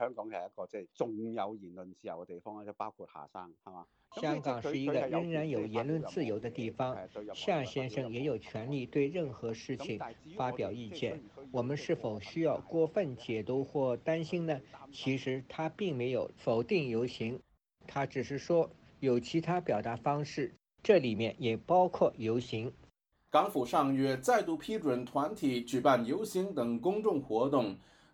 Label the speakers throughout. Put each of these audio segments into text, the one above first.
Speaker 1: 香港係一個即係仲有言論自由嘅地方，即包括夏生。係嘛？香港是一個仍然有言論自
Speaker 2: 由嘅地方，夏先生也有權利對任何事情發表意見。我們是否需要過分解讀或擔心呢？其實他並沒有否定遊行，他只是說有其他表達方式，這裡面也包括遊行。
Speaker 1: 港府上月再度批准團體舉辦遊行等公眾活動。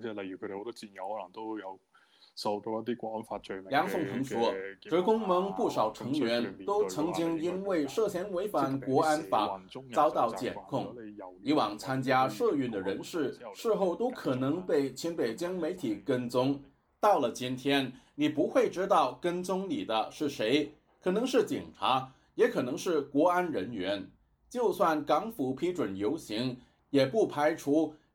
Speaker 1: 即係例如佢哋好多戰友可能都有受到一啲國安法罪名。梁鳳說，職工盟不少成員都曾經因為涉嫌違反國安法遭到檢控。以往參加社運的人士，事後都可能被清北京媒體跟蹤。到了今天，你不會知道跟蹤你的是誰，可能是警察，也可能是國安人員。就算港府批准遊行，也不排除。